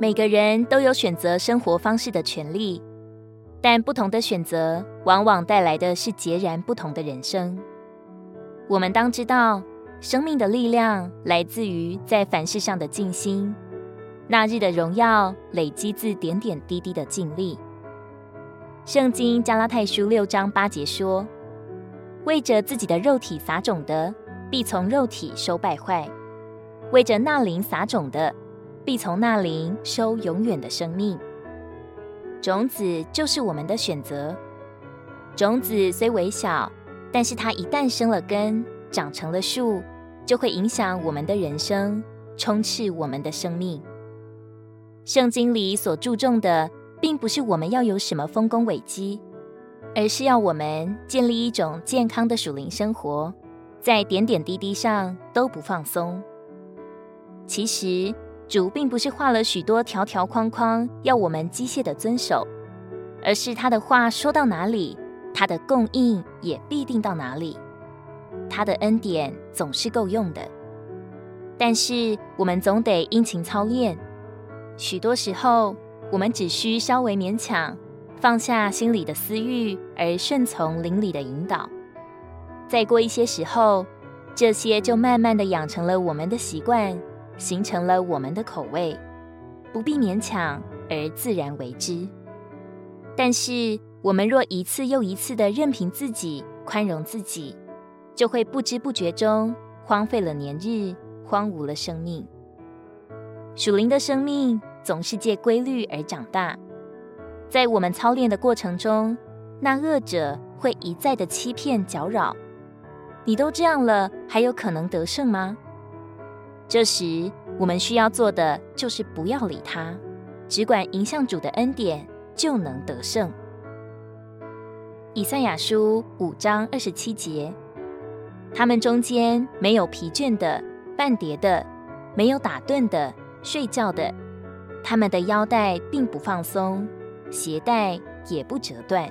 每個人都有選擇生活方式的權利，但不同的選擇往往帶來的是截然不同的人生。我們當知道，生命的力量來自於在凡事上的盡心。那日的榮耀累積自點點滴滴的盡力。聖經加拉太書六章八節說：“為着自己的肉體撒種的，必從肉體收敗壞；為着那靈撒種的，”必從那靈收永遠的生命，種子就是我們的選擇。種子雖微小，但是它一旦生了根，長成了樹，就會影響我們的人生，充斥我們的生命。聖經裡所注重的，並不是我們要有什麼豐功偉績，而是要我們建立一種健康的屬靈生活，在點點滴滴上都不放鬆。其實，主並不是畫了許多條條框框，要我們機械的遵守，而是他的話說到哪裡，他的供應也必定到哪裡，他的恩典總是夠用的。但是我們總得殷勤操練，許多時候我們只需稍微勉強，放下心裡的私欲而順從靈裡的引導。再過一些時候，這些就慢慢的養成了我們的習慣。形成了我們的口味，不必勉強而自然為之。但是，我們若一次又一次的任憑自己寬容自己，就會不知不覺中荒廢了年日，荒蕪了生命。屬靈的生命總是借規律而長大。在我們操練的過程中，那惡者會一再的欺騙攪擾。你都這樣了，還有可能得勝嗎？這時，我們需要做的就是不要理他，只管迎向主的恩典，就能得勝。以賽亞書五章二十七節，他們中間沒有疲倦的、絆跌的、沒有打盹的、睡覺的，他們的腰帶並不放鬆，鞋帶也不折斷。